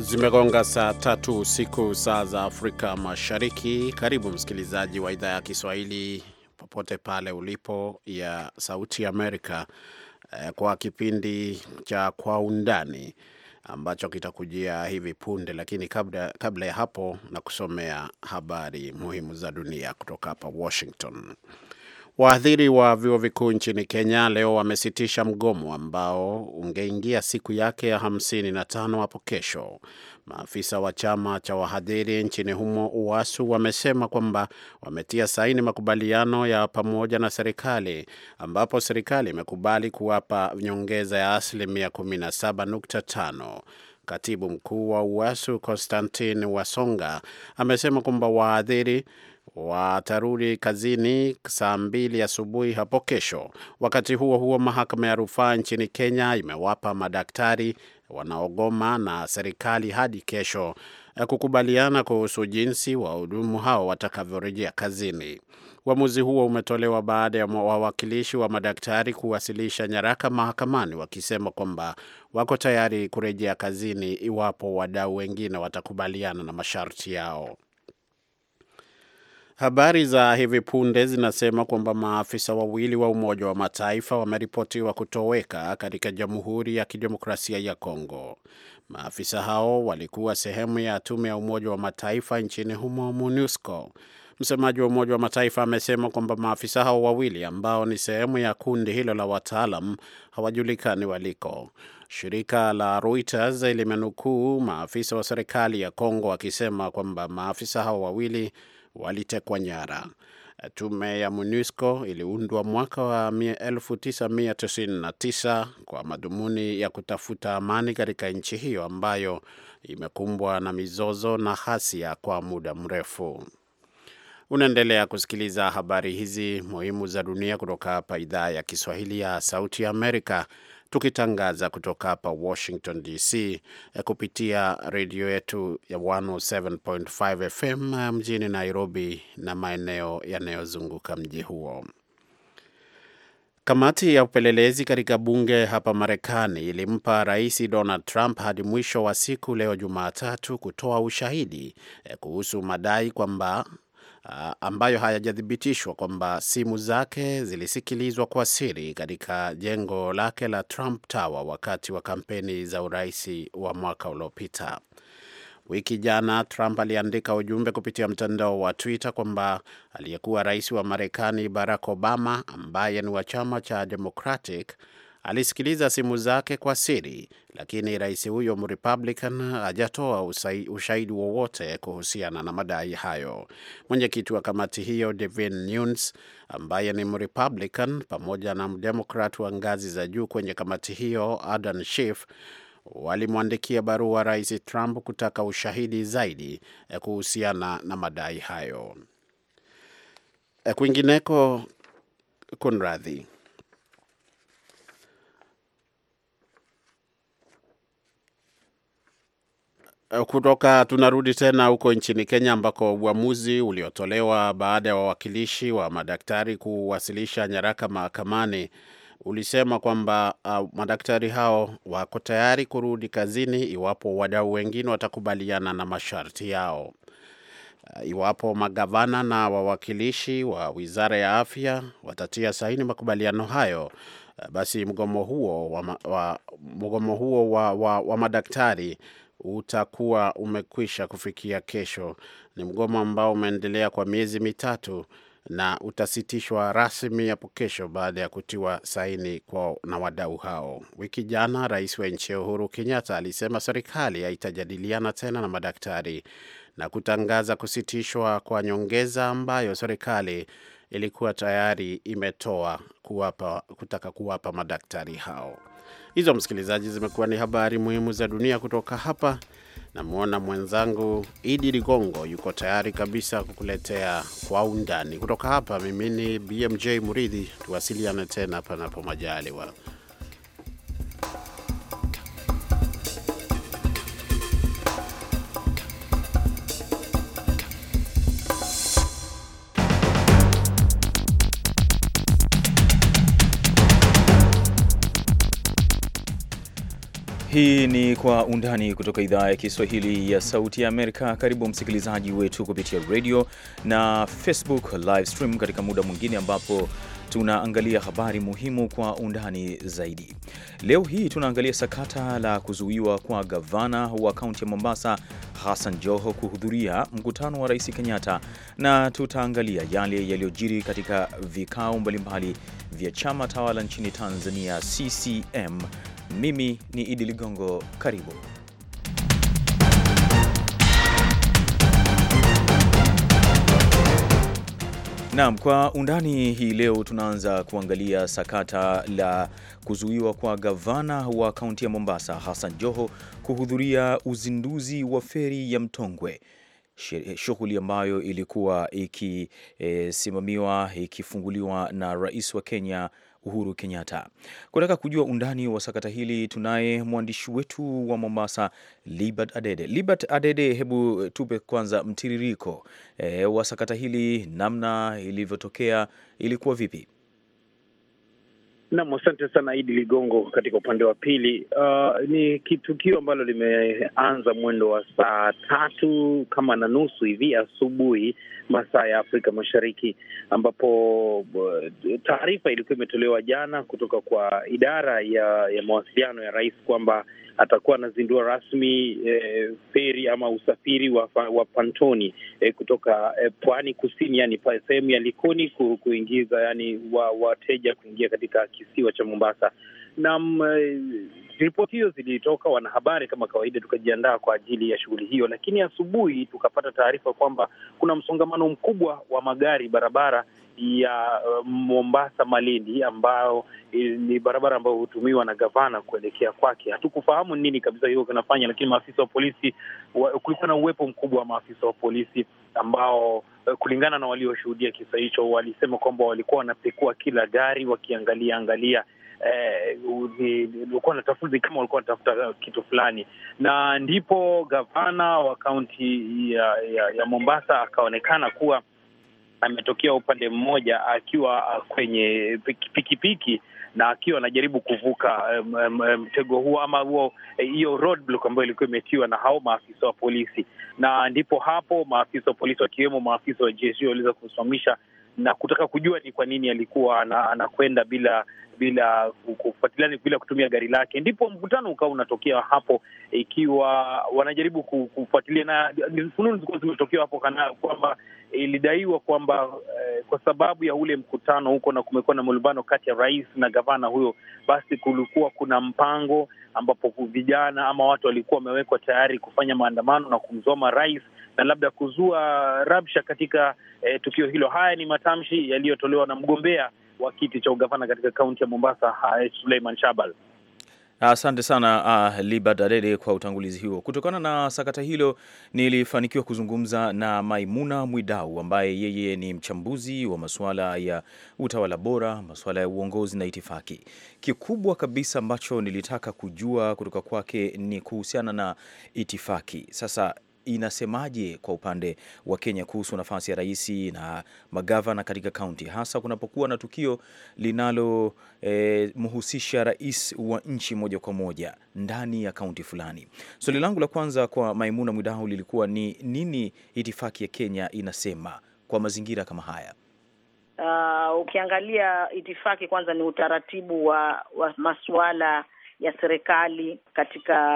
Zimegonga saa tatu usiku saa za Afrika Mashariki. Karibu msikilizaji wa idhaa ya Kiswahili popote pale ulipo ya Sauti Amerika eh, kwa kipindi cha Kwa Undani ambacho kitakujia hivi punde, lakini kabla, kabla ya hapo na kusomea habari muhimu za dunia kutoka hapa Washington. Waadhiri wa vyuo vikuu nchini Kenya leo wamesitisha mgomo ambao ungeingia siku yake ya 55 hapo kesho. Maafisa wa chama cha wahadhiri nchini humo UASU wamesema kwamba wametia saini makubaliano ya pamoja na serikali ambapo serikali imekubali kuwapa nyongeza ya asilimia 17.5. Katibu mkuu wa UASU Konstantin Wasonga amesema kwamba waadhiri watarudi kazini saa mbili asubuhi hapo kesho. Wakati huo huo, mahakama ya rufaa nchini Kenya imewapa madaktari wanaogoma na serikali hadi kesho eh, kukubaliana kuhusu jinsi wahudumu hao watakavyorejea kazini. Uamuzi huo umetolewa baada ya wawakilishi wa madaktari kuwasilisha nyaraka mahakamani wakisema kwamba wako tayari kurejea kazini iwapo wadau wengine watakubaliana na masharti yao. Habari za hivi punde zinasema kwamba maafisa wawili wa Umoja wa Mataifa wameripotiwa kutoweka katika Jamhuri ya Kidemokrasia ya Kongo. Maafisa hao walikuwa sehemu ya tume ya Umoja wa Mataifa nchini humo, MONUSCO. Msemaji wa Umoja wa Mataifa amesema kwamba maafisa hao wawili ambao ni sehemu ya kundi hilo la wataalam hawajulikani waliko. Shirika la Reuters limenukuu maafisa wa serikali ya Kongo wakisema kwamba maafisa hao wawili walitekwa nyara. Tume ya MONUSCO iliundwa mwaka wa 1999 kwa madhumuni ya kutafuta amani katika nchi hiyo ambayo imekumbwa na mizozo na hasia kwa muda mrefu. Unaendelea kusikiliza habari hizi muhimu za dunia kutoka hapa idhaa ya Kiswahili ya Sauti ya Amerika tukitangaza kutoka hapa Washington DC eh, kupitia redio yetu ya 107.5 FM eh, mjini Nairobi na maeneo yanayozunguka mji huo. Kamati ya upelelezi katika bunge hapa Marekani ilimpa Rais Donald Trump hadi mwisho wa siku leo Jumatatu kutoa ushahidi eh, kuhusu madai kwamba uh, ambayo hayajathibitishwa kwamba simu zake zilisikilizwa kwa siri katika jengo lake la Trump Tower wakati wa kampeni za urais wa mwaka uliopita. Wiki jana Trump aliandika ujumbe kupitia mtandao wa Twitter kwamba aliyekuwa rais wa Marekani Barack Obama ambaye ni wa chama cha Democratic alisikiliza simu zake kwa siri, lakini rais huyo Mrepublican hajatoa ushahidi wowote kuhusiana na madai hayo. Mwenyekiti wa kamati hiyo Devin Nunes, ambaye ni Mrepublican pamoja na Mdemokrat wa ngazi za juu kwenye kamati hiyo Adam Schiff walimwandikia barua rais Trump kutaka ushahidi zaidi eh, kuhusiana na madai hayo. Eh, kwingineko, kunradhi Eh, kutoka tunarudi tena huko nchini Kenya ambako uamuzi uliotolewa baada ya wawakilishi wa madaktari kuwasilisha nyaraka mahakamani ulisema kwamba uh, madaktari hao wako tayari kurudi kazini iwapo wadau wengine watakubaliana na masharti yao. Uh, iwapo magavana na wawakilishi wa Wizara ya Afya watatia saini makubaliano hayo, uh, basi mgomo huo wa, wa, mgomo huo wa, wa, wa madaktari utakuwa umekwisha kufikia kesho. Ni mgomo ambao umeendelea kwa miezi mitatu na utasitishwa rasmi hapo kesho baada ya kutiwa saini kwa na wadau hao. Wiki jana rais wa nchi Uhuru Kenyatta alisema serikali haitajadiliana tena na madaktari na kutangaza kusitishwa kwa nyongeza ambayo serikali ilikuwa tayari imetoa kuwapa, kutaka kuwapa madaktari hao. Hizo msikilizaji, zimekuwa ni habari muhimu za dunia kutoka hapa. Namwona mwenzangu Idi Ligongo yuko tayari kabisa kukuletea kwa undani kutoka hapa. Mimi ni BMJ Muridhi, tuwasiliane tena panapo majaliwa. Hii ni Kwa Undani kutoka idhaa ya Kiswahili ya Sauti ya Amerika. Karibu msikilizaji wetu kupitia radio na Facebook live stream katika muda mwingine ambapo tunaangalia habari muhimu kwa undani zaidi. Leo hii tunaangalia sakata la kuzuiwa kwa gavana wa kaunti ya Mombasa Hassan Joho kuhudhuria mkutano wa Rais Kenyatta, na tutaangalia yale yaliyojiri katika vikao mbalimbali vya chama tawala nchini Tanzania CCM mimi ni Idi Ligongo, karibu. Naam, kwa undani hii leo tunaanza kuangalia sakata la kuzuiwa kwa gavana wa kaunti ya Mombasa Hassan Joho kuhudhuria uzinduzi wa feri ya Mtongwe, shughuli ambayo ilikuwa ikisimamiwa, e, ikifunguliwa na rais wa Kenya Uhuru Kenyatta. Kutaka kujua undani wa sakata hili, tunaye mwandishi wetu wa Mombasa, Libert Adede. Libert Adede, hebu tupe kwanza mtiririko e, wa sakata hili, namna ilivyotokea, ilikuwa vipi? Nam, asante sana Idi Ligongo. Katika upande wa pili, uh, ni kitukio ambalo limeanza mwendo wa saa tatu kama na nusu hivi asubuhi masaa ya Afrika Mashariki, ambapo eh, taarifa ilikuwa imetolewa jana kutoka kwa idara ya, ya mawasiliano ya rais kwamba atakuwa anazindua rasmi eh, feri ama usafiri wa, wa pantoni eh, kutoka eh, pwani kusini, yani sehemu ya Likoni kuingiza yani wateja wa kuingia katika kisiwa cha Mombasa na eh, ripoti hiyo zilitoka, wanahabari kama kawaida tukajiandaa kwa ajili ya shughuli hiyo, lakini asubuhi tukapata taarifa kwamba kuna msongamano mkubwa wa magari barabara ya eh, Mombasa Malindi, ambayo eh, ni barabara ambayo hutumiwa na gavana kuelekea kwake. Hatukufahamu nini kabisa hiyo kinafanya, lakini maafisa wa polisi, kulikuwa na uwepo mkubwa wa maafisa wa polisi ambao kulingana na walioshuhudia kisa hicho walisema kwamba walikuwa wanapekua kila gari wakiangalia angalia walikuwa eh, natafuta kama walikuwa wanatafuta uh, kitu fulani, na ndipo gavana wa kaunti ya, ya, ya Mombasa akaonekana kuwa ametokea upande mmoja akiwa uh, kwenye pikipiki piki, na akiwa anajaribu kuvuka mtego um, um, um huo ama huo eh, hiyo roadblock ambayo ilikuwa imetiwa na hao maafisa wa polisi, na ndipo hapo maafisa wa polisi wakiwemo maafisa wa jeshi waliweza kusimamisha na kutaka kujua ni kwa nini alikuwa anakwenda bila bila kufuatiliana, bila kutumia gari lake. Ndipo mkutano ukawa unatokea hapo, ikiwa wanajaribu kufuatilia, na fununu zilikuwa zimetokea hapo kana kwamba ilidaiwa kwamba eh, kwa sababu ya ule mkutano huko na kumekuwa na malumbano kati ya rais na gavana huyo, basi kulikuwa kuna mpango ambapo vijana ama watu walikuwa wamewekwa tayari kufanya maandamano na kumzoma rais na labda kuzua rabsha katika eh, tukio hilo. Haya ni matamshi yaliyotolewa na mgombea wa kiti cha ugavana katika kaunti ya Mombasa, eh, Suleiman Shabal. Asante sana uh, Liba Dadede kwa utangulizi huo. Kutokana na sakata hilo, nilifanikiwa kuzungumza na Maimuna Mwidau ambaye yeye ni mchambuzi wa masuala ya utawala bora, masuala ya uongozi na itifaki. Kikubwa kabisa ambacho nilitaka kujua kutoka kwake ni kuhusiana na itifaki. Sasa inasemaje kwa upande wa Kenya kuhusu nafasi ya rais na magavana katika kaunti, hasa kunapokuwa na tukio linalomhusisha eh, e, rais wa nchi moja kwa moja ndani ya kaunti fulani. Swali so, langu la kwanza kwa Maimuna Mwidau lilikuwa ni nini itifaki ya Kenya inasema kwa mazingira kama haya? Uh, ukiangalia itifaki kwanza ni utaratibu wa, wa masuala ya serikali katika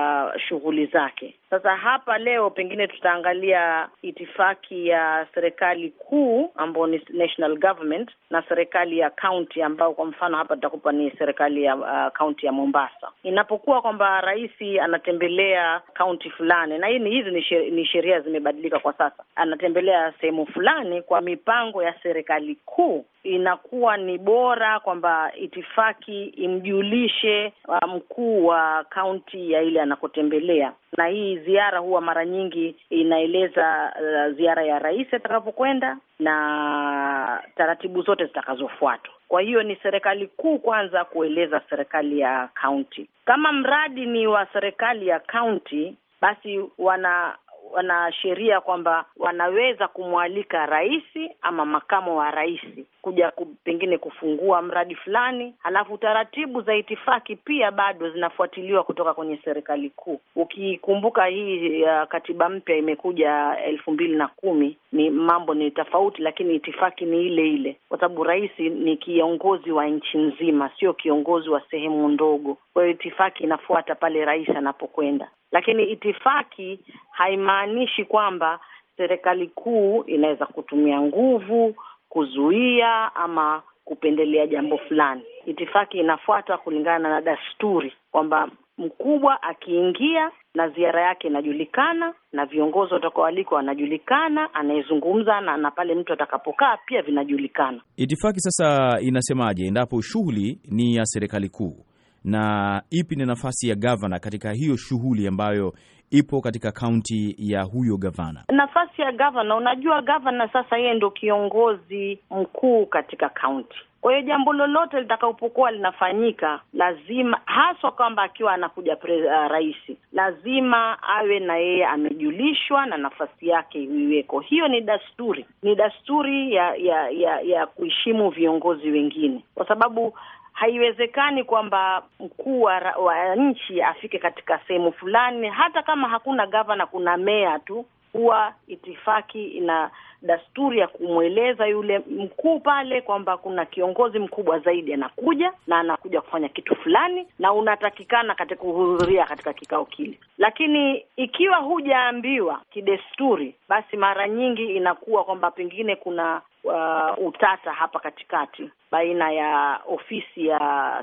shughuli zake sasa hapa leo pengine tutaangalia itifaki ya serikali kuu ambayo ni national government na serikali ya kaunti, ambao kwa mfano hapa tutakupa ni serikali ya kaunti uh, ya Mombasa. Inapokuwa kwamba rais anatembelea kaunti fulani, na hii hizi ni sheria zimebadilika kwa sasa, anatembelea sehemu fulani kwa mipango ya serikali kuu, inakuwa ni bora kwamba itifaki imjulishe uh, mkuu wa kaunti ya ile anakotembelea, na hii hii ziara huwa mara nyingi inaeleza uh, ziara ya rais atakapokwenda na taratibu zote zitakazofuatwa. Kwa hiyo ni serikali kuu kwanza kueleza serikali ya kaunti. Kama mradi ni wa serikali ya kaunti, basi wana wanasheria kwamba wanaweza kumwalika rais ama makamo wa rais kuja ku, pengine kufungua mradi fulani, halafu taratibu za itifaki pia bado zinafuatiliwa kutoka kwenye serikali kuu. Ukikumbuka hii uh, katiba mpya imekuja elfu mbili na kumi, ni mambo ni tofauti, lakini itifaki ni ile ile, kwa sababu rais ni kiongozi wa nchi nzima, sio kiongozi wa sehemu ndogo. Kwa hiyo itifaki inafuata pale rais anapokwenda. Lakini itifaki haimaanishi kwamba serikali kuu inaweza kutumia nguvu kuzuia ama kupendelea jambo fulani. Itifaki inafuata kulingana na dasturi kwamba mkubwa akiingia na ziara yake inajulikana na viongozi watakaoalikwa wanajulikana, anayezungumza na na pale mtu atakapokaa pia vinajulikana. Itifaki sasa inasemaje endapo shughuli ni ya serikali kuu na ipi ni nafasi ya gavana katika hiyo shughuli ambayo ipo katika kaunti ya huyo gavana. Nafasi ya gavana, unajua gavana sasa yeye ndo kiongozi mkuu katika kaunti. Kwa hiyo jambo lolote litakapokuwa linafanyika, lazima haswa kwamba akiwa anakuja uh, rais lazima awe na yeye amejulishwa na nafasi yake iweko. Hiyo ni dasturi, ni dasturi ya ya ya, ya kuheshimu viongozi wengine, kwa sababu haiwezekani kwamba mkuu wa nchi afike katika sehemu fulani, hata kama hakuna gavana, kuna meya tu. Huwa itifaki ina dasturi ya kumweleza yule mkuu pale kwamba kuna kiongozi mkubwa zaidi anakuja na anakuja kufanya kitu fulani, na unatakikana katika kuhudhuria katika kikao kile. Lakini ikiwa hujaambiwa kidesturi, basi mara nyingi inakuwa kwamba pengine kuna uh, utata hapa katikati baina ya ofisi ya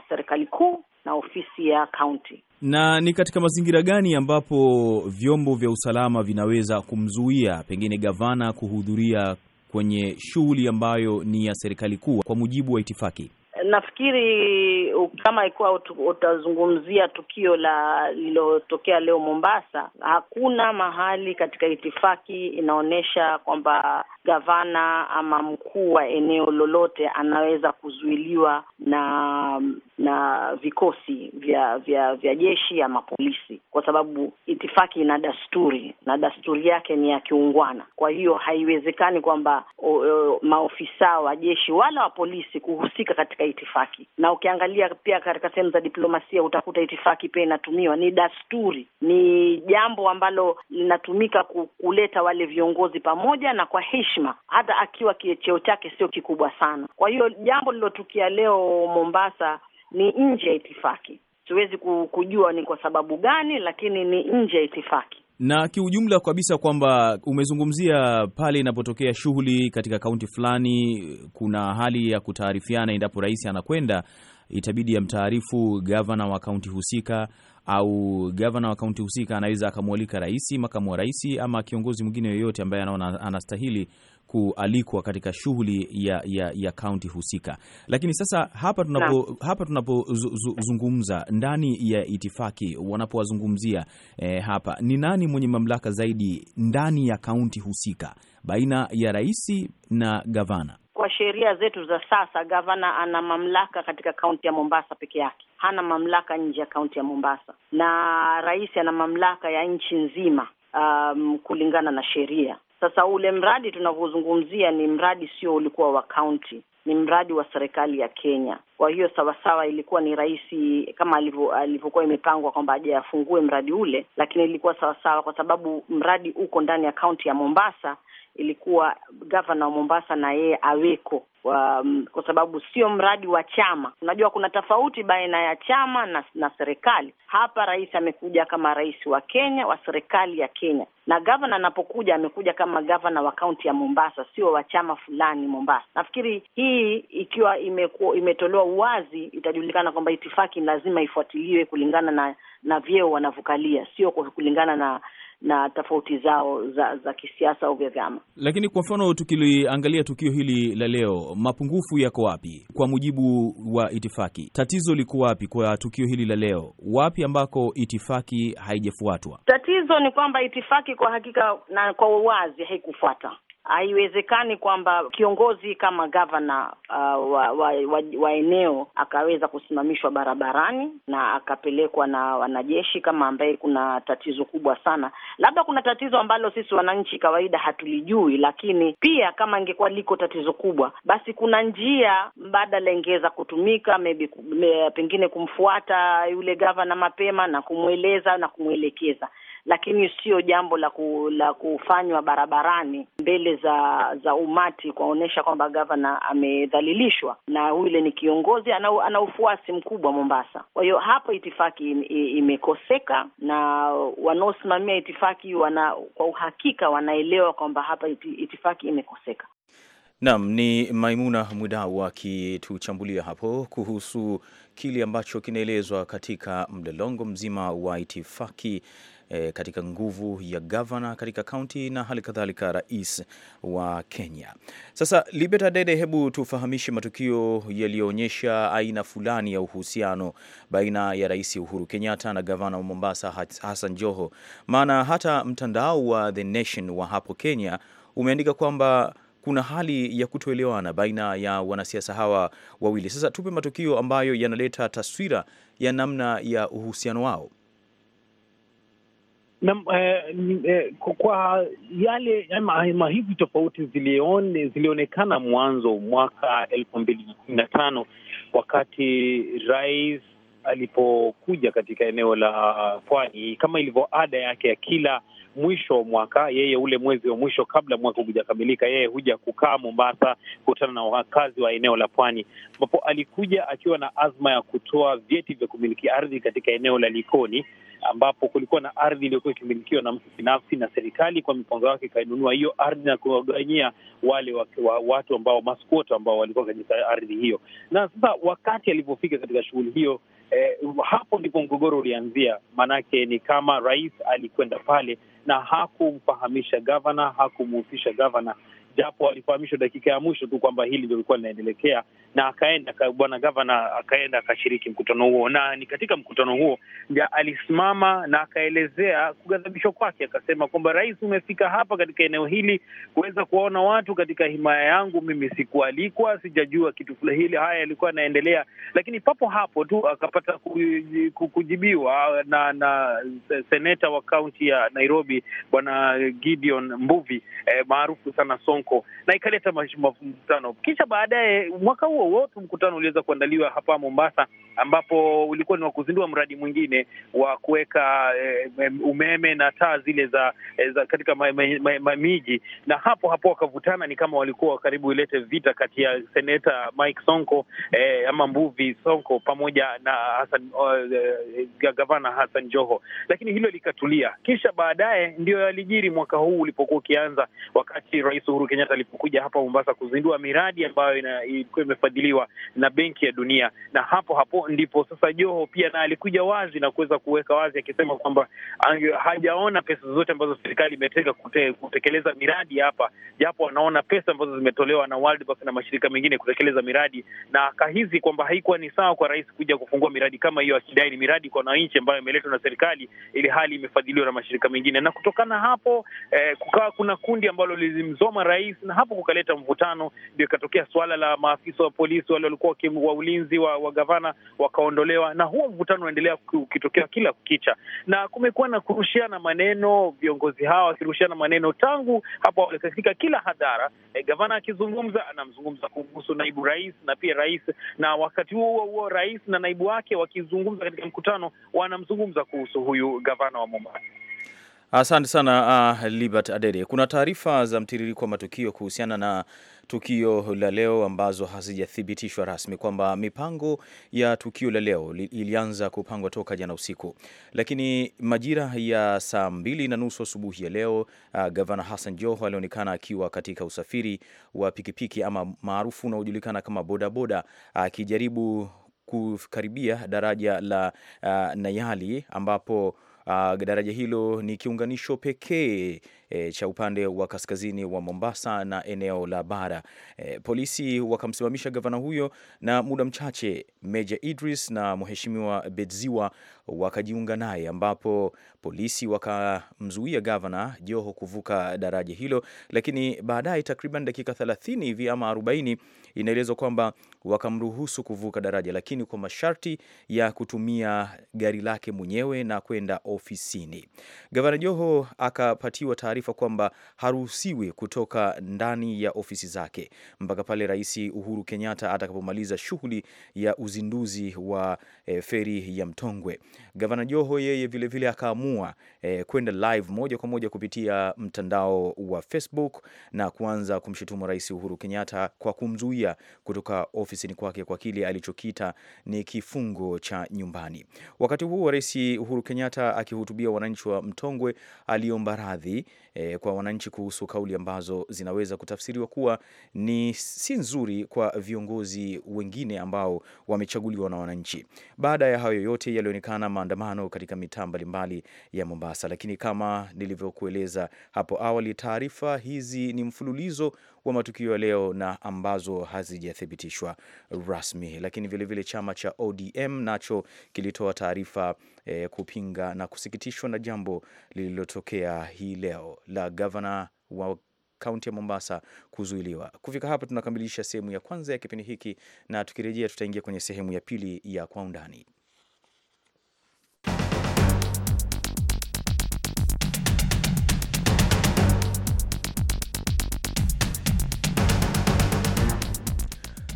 serikali kuu na ofisi ya kaunti. Na ni katika mazingira gani ambapo vyombo vya usalama vinaweza kumzuia pengine gavana kuhudhuria kwenye shughuli ambayo ni ya serikali kuu kwa mujibu wa itifaki? Nafikiri kama ikuwa utazungumzia tukio la lililotokea leo Mombasa, hakuna mahali katika itifaki inaonyesha kwamba gavana ama mkuu wa eneo lolote anaweza kuzuiliwa na na vikosi vya vya vya jeshi ama polisi, kwa sababu itifaki ina dasturi na dasturi yake ni ya kiungwana. Kwa hiyo haiwezekani kwamba maofisa wa jeshi wala wa polisi kuhusika katika itifaki. Na ukiangalia pia katika sehemu za diplomasia utakuta itifaki pia inatumiwa, ni dasturi, ni jambo ambalo linatumika kuleta wale viongozi pamoja na kwa heshima, hata akiwa cheo chake sio kikubwa sana. Kwa hiyo jambo lilotukia leo Mombasa ni nje ya itifaki. Siwezi kujua ni kwa sababu gani, lakini ni nje ya itifaki na kiujumla kabisa kwamba umezungumzia pale inapotokea shughuli katika kaunti fulani, kuna hali ya kutaarifiana. Endapo rais anakwenda, itabidi amtaarifu gavana wa kaunti husika, au gavana wa kaunti husika anaweza akamwalika rais, makamu wa rais, ama kiongozi mwingine yoyote ambaye anaona anastahili kualikwa katika shughuli ya, ya, ya kaunti husika. Lakini sasa hapa tunapo hapa tunapozungumza ndani ya itifaki wanapowazungumzia eh, hapa ni nani mwenye mamlaka zaidi ndani ya kaunti husika baina ya rais na gavana? Kwa sheria zetu za sasa, gavana ana mamlaka katika kaunti ya Mombasa peke yake, hana mamlaka nje ya kaunti ya Mombasa, na rais ana mamlaka ya nchi nzima. Um, kulingana na sheria sasa ule mradi tunavyozungumzia ni mradi sio ulikuwa wa kaunti, ni mradi wa serikali ya Kenya. Kwa hiyo sawasawa, ilikuwa ni rahisi kama alivyokuwa imepangwa kwamba aje afungue mradi ule, lakini ilikuwa sawasawa kwa sababu mradi uko ndani ya kaunti ya Mombasa ilikuwa gavana wa Mombasa na yeye aweko um, kwa sababu sio mradi wa chama. Unajua kuna tofauti baina ya chama na, na serikali. Hapa rais amekuja kama rais wa Kenya wa serikali ya Kenya, na gavana anapokuja amekuja kama gavana wa kaunti ya Mombasa, sio wa chama fulani Mombasa. Nafikiri hii ikiwa imekuwa imetolewa uwazi, itajulikana kwamba itifaki lazima ifuatiliwe kulingana na na vyeo wanavyokalia, sio kulingana na na tofauti zao za, za kisiasa au vya vyama. Lakini kwa mfano tukiliangalia tukio hili la leo, mapungufu yako wapi kwa mujibu wa itifaki? Tatizo liko wapi kwa tukio hili la leo? Wapi ambako itifaki haijafuatwa? Tatizo ni kwamba itifaki kwa hakika na kwa uwazi haikufuata Haiwezekani kwamba kiongozi kama gavana uh, wa, wa, wa, wa eneo akaweza kusimamishwa barabarani na akapelekwa na wanajeshi kama ambaye kuna tatizo kubwa sana. Labda kuna tatizo ambalo sisi wananchi kawaida hatulijui, lakini pia kama ingekuwa liko tatizo kubwa, basi kuna njia mbadala ingeweza kutumika, maybe eh, pengine kumfuata yule gavana mapema na kumweleza na kumwelekeza lakini sio jambo la, ku, la kufanywa barabarani mbele za za umati kuwaonyesha kwamba gavana amedhalilishwa, na yule ni kiongozi ana, ana ufuasi mkubwa Mombasa. Kwa hiyo hapo itifaki imekoseka, na wanaosimamia itifaki wana, kwa uhakika wanaelewa kwamba hapa itifaki imekoseka. Naam, ni Maimuna Mwidau akituchambulia hapo kuhusu kile ambacho kinaelezwa katika mlolongo mzima wa itifaki e, katika nguvu ya gavana katika kaunti na hali kadhalika rais wa Kenya. Sasa Libeta Dede, hebu tufahamishe matukio yaliyoonyesha aina fulani ya uhusiano baina ya Rais Uhuru Kenyatta na gavana wa Mombasa Hassan Joho, maana hata mtandao wa The Nation wa hapo Kenya umeandika kwamba kuna hali ya kutoelewana baina ya wanasiasa hawa wawili. Sasa tupe matukio ambayo yanaleta taswira ya namna ya uhusiano wao na, eh, eh, kwa yale ama eh, eh, hizi tofauti zilione, zilionekana mwanzo mwaka elfu mbili kumi na tano wakati rais alipokuja katika eneo la pwani kama ilivyo ada yake ya kila mwisho wa mwaka. Yeye ule mwezi wa mwisho kabla mwaka hujakamilika, yeye huja kukaa Mombasa kukutana na wakazi wa eneo la pwani, ambapo alikuja akiwa na azma ya kutoa vyeti vya kumiliki ardhi katika eneo la Likoni ambapo kulikuwa na ardhi iliyokuwa ikimilikiwa na mtu binafsi, na serikali kwa mipango yake ikainunua hiyo ardhi na kuwagawanyia wale wa, wa, watu ambao maskwota ambao walikuwa katika ardhi hiyo. Na sasa wakati alivyofika katika shughuli hiyo eh, hapo ndipo mgogoro ulianzia, maanake ni kama rais alikwenda pale na hakumfahamisha gavana, hakumhusisha gavana japo alifahamishwa dakika ya mwisho tu kwamba hili ndio likuwa linaendelekea, na akaenda bwana gavana akaenda akashiriki mkutano huo, na ni katika mkutano huo ndio alisimama na akaelezea kughadhabishwa kwake, akasema kwamba rais, umefika hapa katika eneo hili kuweza kuwaona watu katika himaya yangu. Mimi sikualikwa, sijajua kitu hili, haya yalikuwa yanaendelea, lakini papo hapo tu akapata kujibiwa na na seneta wa kaunti ya Nairobi bwana Gideon Mbuvi eh, maarufu sana Sonko mwamko na ikaleta mvutano. Kisha baadaye mwaka huo wote mkutano uliweza kuandaliwa hapa Mombasa, ambapo ulikuwa ni wa kuzindua mradi mwingine wa kuweka eh, umeme na taa zile za, eh, za katika ma, ma, ma, ma, na hapo hapo wakavutana, ni kama walikuwa karibu ilete vita kati ya seneta Mike Sonko eh, ama Mbuvi Sonko pamoja na Hassan, uh, gavana Hassan Joho, lakini hilo likatulia. Kisha baadaye ndio yalijiri mwaka huu ulipokuwa ukianza, wakati Rais Uhuru Kenyatta alipokuja hapa Mombasa kuzindua miradi ambayo ilikuwa imefadhiliwa na Benki ya Dunia, na hapo hapo ndipo sasa Joho pia na alikuja wazi na kuweza kuweka wazi akisema kwamba hajaona pesa zote ambazo serikali imetega kute, kutekeleza miradi hapa, japo anaona pesa ambazo zimetolewa na World Bank na mashirika mengine kutekeleza miradi, na akahisi kwamba haikuwa ni sawa kwa rais kuja kufungua miradi kama hiyo, akidai ni miradi kwa wananchi ambayo imeletwa na serikali, ili hali imefadhiliwa na mashirika mengine. Na kutokana hapo eh, kukawa kuna kundi ambalo lilimzoma rais rais, na hapo kukaleta mvutano. Ndio ikatokea suala la maafisa wa polisi wale walikuwa wa ulinzi wa, wa gavana wakaondolewa, na huo mvutano unaendelea ukitokea kila kukicha, na kumekuwa na kurushiana maneno, viongozi hawa wakirushiana maneno tangu hapo katika kila hadhara. Eh, gavana akizungumza anamzungumza kuhusu naibu rais na pia rais, na wakati huo huo rais na naibu wake wakizungumza katika mkutano wanamzungumza kuhusu huyu gavana wa Mombasa. Asante sana uh, Libert Adede. Kuna taarifa za mtiririko wa matukio kuhusiana na tukio la leo ambazo hazijathibitishwa rasmi kwamba mipango ya tukio la leo ilianza kupangwa toka jana usiku, lakini majira ya saa mbili na nusu asubuhi ya leo uh, gavana Hassan Joho alionekana akiwa katika usafiri wa pikipiki ama maarufu unaojulikana kama bodaboda akijaribu uh, kukaribia daraja la uh, Nayali ambapo Uh, daraja hilo ni kiunganisho pekee e, cha upande wa kaskazini wa Mombasa na eneo la bara. E, polisi wakamsimamisha gavana huyo, na muda mchache Meja Idris na Mheshimiwa Bedziwa wakajiunga naye, ambapo polisi wakamzuia gavana Joho kuvuka daraja hilo, lakini baadaye takriban dakika 30 hivi ama 40 inaelezwa kwamba wakamruhusu kuvuka daraja, lakini kwa masharti ya kutumia gari lake mwenyewe na kwenda ofisini. Gavana Joho akapatiwa taarifa taarifa kwamba haruhusiwi kutoka ndani ya ofisi zake mpaka pale Rais Uhuru Kenyatta atakapomaliza shughuli ya uzinduzi wa e, feri ya Mtongwe. Gavana Joho yeye vilevile akaamua e, kwenda live moja kwa moja kupitia mtandao wa Facebook na kuanza kumshutumu Rais Uhuru Kenyatta kwa kumzuia kutoka ofisini kwake kwa kile alichokita ni kifungo cha nyumbani. Wakati huo Rais Uhuru Kenyatta akihutubia wananchi wa Mtongwe aliomba radhi e, kwa wananchi kuhusu kauli ambazo zinaweza kutafsiriwa kuwa ni si nzuri kwa viongozi wengine ambao wamechaguliwa na wananchi. Baada ya hayo yote yalionekana maandamano katika mitaa mbalimbali ya Mombasa, lakini kama nilivyokueleza hapo awali, taarifa hizi ni mfululizo wa matukio ya leo na ambazo hazijathibitishwa rasmi. Lakini vilevile vile chama cha ODM nacho kilitoa taarifa e, kupinga na kusikitishwa na jambo lililotokea hii leo la gavana wa kaunti ya Mombasa kuzuiliwa. Kufika hapa tunakamilisha sehemu ya kwanza ya kipindi hiki, na tukirejea tutaingia kwenye sehemu ya pili ya kwa undani.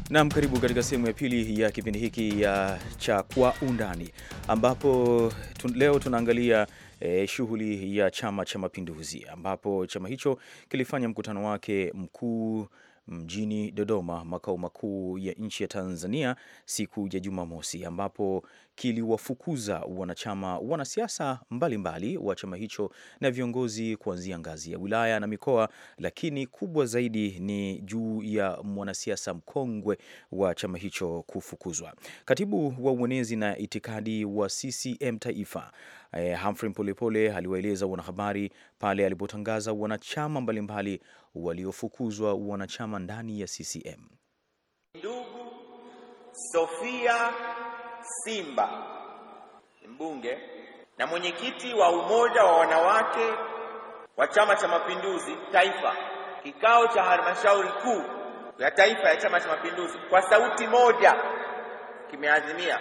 Naam, karibu katika sehemu ya pili ya kipindi hiki ya cha Kwa Undani, ambapo tun leo tunaangalia E, shughuli ya Chama cha Mapinduzi, ambapo chama hicho kilifanya mkutano wake mkuu mjini Dodoma, makao makuu ya nchi ya Tanzania, siku ya Jumamosi, ambapo kiliwafukuza wanachama wanasiasa mbalimbali wa chama hicho na viongozi kuanzia ngazi ya wilaya na mikoa, lakini kubwa zaidi ni juu ya mwanasiasa mkongwe wa chama hicho kufukuzwa. Katibu wa uenezi na itikadi wa CCM Taifa, eh, Humphrey Polepole aliwaeleza wanahabari pale alipotangaza wanachama mbalimbali waliofukuzwa wanachama ndani ya CCM. Ndugu Sofia Simba ni mbunge na mwenyekiti wa umoja wa wanawake wa Chama cha Mapinduzi Taifa, kikao cha halmashauri kuu ya taifa ya Chama cha Mapinduzi kwa sauti moja kimeazimia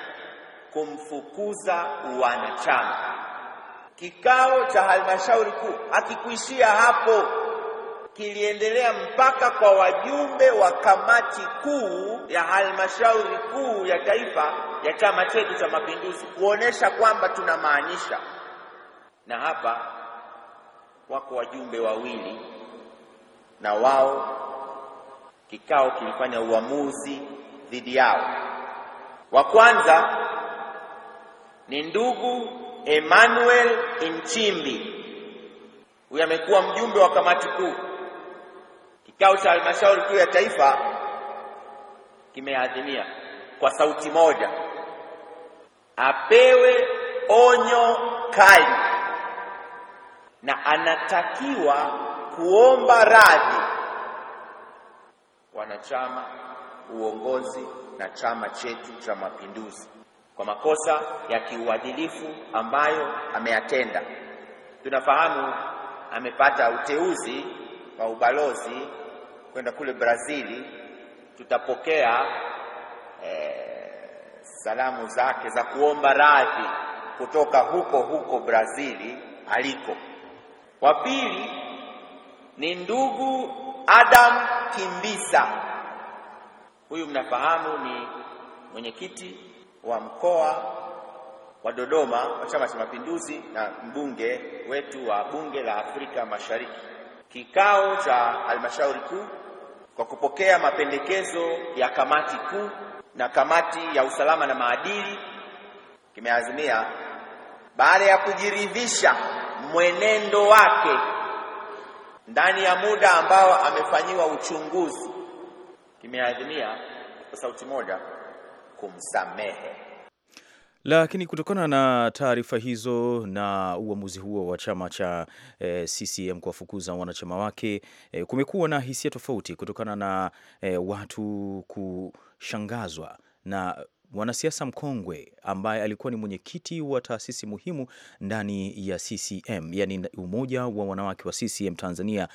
kumfukuza wanachama Kikao cha halmashauri kuu hakikuishia hapo, kiliendelea mpaka kwa wajumbe wa kamati kuu ya halmashauri kuu ya taifa ya chama chetu cha Mapinduzi, kuonesha kwamba tunamaanisha. Na hapa wako wajumbe wawili, na wao kikao kilifanya uamuzi dhidi yao. Wa kwanza ni ndugu Emmanuel Nchimbi, huyu amekuwa mjumbe wa kamati kuu. Kikao cha halmashauri kuu ya taifa kimeadhimia kwa sauti moja, apewe onyo kali na anatakiwa kuomba radhi wanachama, uongozi na Chama chetu cha Mapinduzi kwa makosa ya kiuadilifu ambayo ameyatenda. Tunafahamu amepata uteuzi wa ubalozi kwenda kule Brazili. Tutapokea eh, salamu zake za kuomba radhi kutoka huko huko Brazili aliko. Wa pili ni ndugu Adam Kimbisa, huyu mnafahamu ni mwenyekiti wa mkoa wa Dodoma wa Chama cha Mapinduzi na mbunge wetu wa Bunge la Afrika Mashariki, kikao cha halmashauri kuu kwa kupokea mapendekezo ya kamati kuu na kamati ya usalama na maadili kimeazimia baada ya kujiridhisha mwenendo wake ndani ya muda ambao amefanyiwa uchunguzi, kimeazimia kwa sauti moja kumsamehe. Lakini kutokana na taarifa hizo na uamuzi huo wa chama cha e, eh, CCM kuwafukuza wanachama wake e, kumekuwa na hisia tofauti kutokana na e, watu kushangazwa na mwanasiasa mkongwe ambaye alikuwa ni mwenyekiti wa taasisi muhimu ndani ya CCM, yani umoja wa wanawake wa CCM Tanzania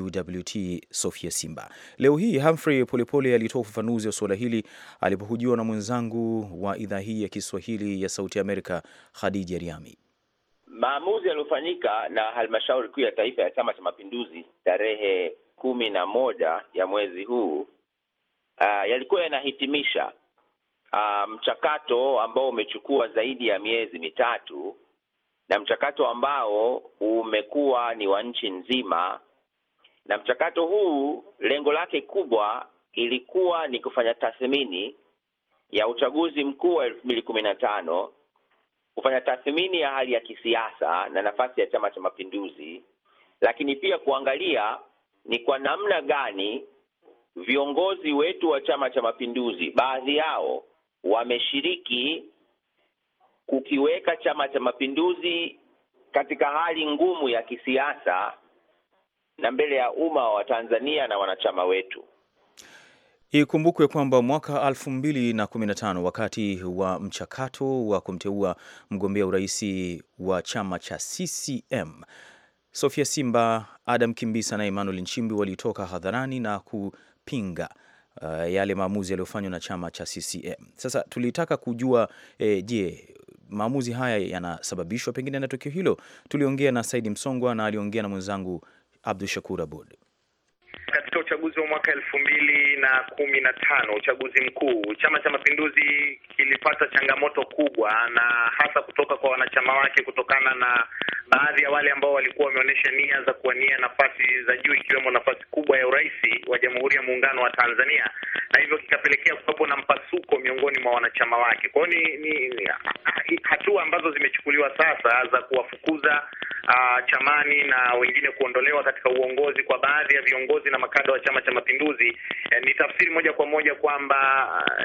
UWT, Sofia Simba. Leo hii Humphrey Polepole alitoa ufafanuzi wa suala hili alipohujiwa na mwenzangu wa idhaa hii ya Kiswahili ya Sauti Amerika, Khadija Riami. Maamuzi yaliyofanyika na halmashauri kuu ya taifa ya Chama cha Mapinduzi tarehe kumi na moja ya mwezi huu uh, yalikuwa yanahitimisha uh, mchakato ambao umechukua zaidi ya miezi mitatu na mchakato ambao umekuwa ni wa nchi nzima, na mchakato huu lengo lake kubwa ilikuwa ni kufanya tathmini ya uchaguzi mkuu wa elfu mbili kumi na tano, kufanya tathmini ya hali ya kisiasa na nafasi ya Chama cha Mapinduzi, lakini pia kuangalia ni kwa namna gani viongozi wetu wa Chama cha Mapinduzi, baadhi yao wameshiriki kukiweka Chama cha Mapinduzi katika hali ngumu ya kisiasa na mbele ya umma wa Tanzania na wanachama wetu. Ikumbukwe kwamba mwaka 2015 wakati wa mchakato wa kumteua mgombea urais wa chama cha CCM, Sofia Simba, Adam Kimbisa na Emmanuel Nchimbi walitoka hadharani na kupinga uh, yale maamuzi yaliyofanywa na chama cha CCM. Sasa tulitaka kujua eh, je, maamuzi haya yanasababishwa pengine na tukio hilo. Tuliongea na Saidi Msongwa na aliongea na mwenzangu Abdu Shakur Abud katika uchaguzi wa mwaka elfu mbili na kumi na tano uchaguzi mkuu, Chama cha Mapinduzi kilipata changamoto kubwa, na hasa kutoka kwa wanachama wake, kutokana na baadhi ya wale ambao walikuwa wameonyesha nia za kuwania nafasi za juu, ikiwemo nafasi kubwa ya urais wa Jamhuri ya Muungano wa Tanzania, na hivyo kikapelekea kuwepo na mpasuko miongoni mwa wanachama wake. Kwa hiyo ni, ni, ni hatua ambazo zimechukuliwa sasa za kuwafukuza uh, chamani na wengine kuondolewa katika uongozi kwa baadhi ya viongozi na wakanda wa Chama cha Mapinduzi eh, ni tafsiri moja kwa moja kwamba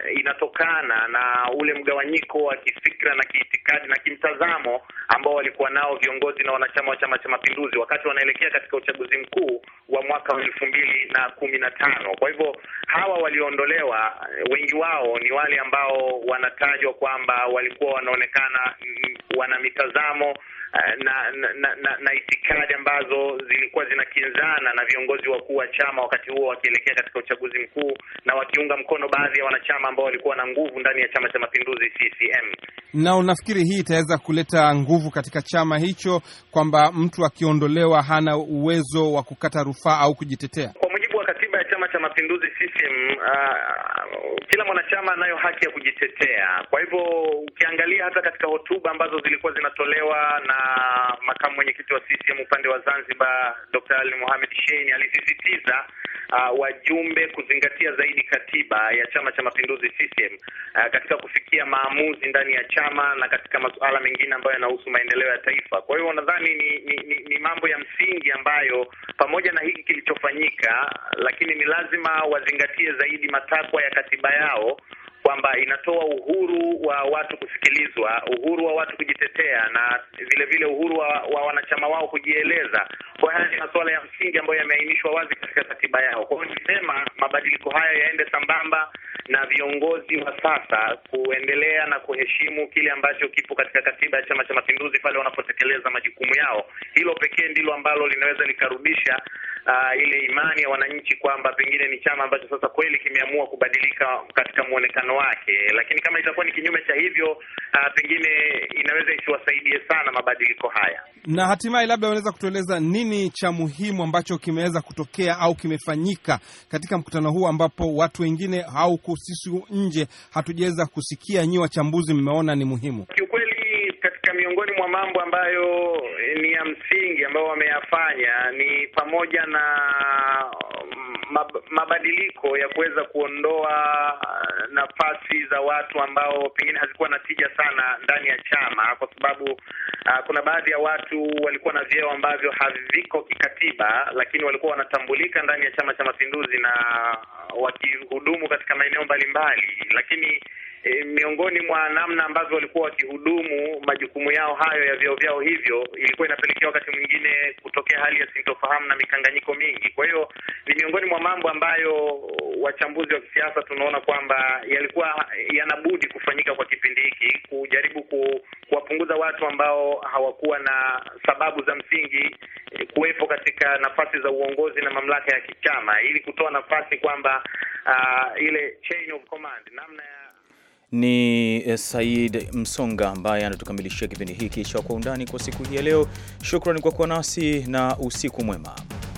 eh, inatokana na ule mgawanyiko wa kifikra na kiitikadi na kimtazamo ambao walikuwa nao viongozi na wanachama wa Chama cha Mapinduzi wakati wanaelekea katika uchaguzi mkuu wa mwaka wa elfu mbili na kumi na tano. Kwa hivyo hawa walioondolewa eh, wengi wao ni wale ambao wanatajwa kwamba walikuwa wanaonekana mm, wana mitazamo na, na, na, na, na itikadi ambazo zilikuwa zinakinzana na viongozi wakuu wa chama wakati huo wakielekea katika uchaguzi mkuu na wakiunga mkono baadhi ya wanachama ambao walikuwa na nguvu ndani ya Chama cha Mapinduzi CCM. Na unafikiri hii itaweza kuleta nguvu katika chama hicho kwamba mtu akiondolewa hana uwezo wa kukata rufaa au kujitetea? Kwa mujibu wa katiba ya Chama cha Mapinduzi system mm, uh, ah, ah, kila mwanachama anayo haki ya kujitetea. Kwa hivyo ukiangalia hata katika hotuba ambazo zilikuwa zinatolewa na makamu mwenyekiti wa CCM upande wa Zanzibar Dr. Ali Mohamed Shein alisisitiza uh, wajumbe kuzingatia zaidi katiba ya Chama cha Mapinduzi CCM uh, katika kufikia maamuzi ndani ya chama na katika masuala mengine ambayo yanahusu maendeleo ya taifa. Kwa hivyo nadhani ni, ni, ni, ni mambo ya msingi ambayo pamoja na hiki kilichofanyika, lakini ni lazima wazingatie wazingatie zaidi matakwa ya katiba yao kwamba inatoa uhuru wa watu kusikilizwa, uhuru wa watu kujitetea, na vile vile uhuru wa, wa wanachama wao kujieleza. Kwa haya ni masuala ya msingi ambayo yameainishwa wazi katika katiba yao. Kwa hiyo nisema mabadiliko haya yaende sambamba na viongozi wa sasa kuendelea na kuheshimu kile ambacho kipo katika katiba ya Chama cha Mapinduzi pale wanapotekeleza majukumu yao. Hilo pekee ndilo ambalo linaweza likarudisha uh, ile imani ya wananchi kwamba pengine ni chama ambacho sasa kweli kimeamua kubadilika katika mwonekano wake, lakini kama itakuwa ni kinyume cha hivyo, uh, pengine inaweza isiwasaidie sana mabadiliko haya. Na hatimaye, labda unaweza kutueleza nini cha muhimu ambacho kimeweza kutokea au kimefanyika katika mkutano huu ambapo watu wengine au sisi nje hatujaweza kusikia, nyi wachambuzi mmeona ni muhimu kiukweli? katika miongoni mwa mambo ambayo eh, ni ya msingi ambayo wameyafanya ni pamoja na mm, mabadiliko ya kuweza kuondoa eh, nafasi za watu ambao pengine hazikuwa na tija sana ndani ya chama, kwa sababu uh, kuna baadhi ya watu walikuwa na vyeo ambavyo haviko kikatiba, lakini walikuwa wanatambulika ndani ya Chama cha Mapinduzi na ah, wakihudumu katika maeneo mbalimbali, lakini e, miongoni mwa namna ambazo walikuwa wakihudumu majukumu yao hayo ya vyao vyao hivyo, ilikuwa inapelekea wakati mwingine kutokea hali ya sintofahamu na mikanganyiko mingi. Kwa hiyo ni miongoni mwa mambo ambayo wachambuzi wa kisiasa tunaona kwamba yalikuwa yanabudi kufanyika kwa kipindi hiki, kujaribu ku, kuwapunguza watu ambao hawakuwa na sababu za msingi e, kuwepo katika nafasi za uongozi na mamlaka ya kichama ili kutoa nafasi kwamba uh, ile chain of command namna ya ni eh, Said Msonga ambaye anatukamilishia kipindi hiki cha Kwa Undani kwa siku hii ya leo. Shukrani kwa kuwa nasi na usiku mwema.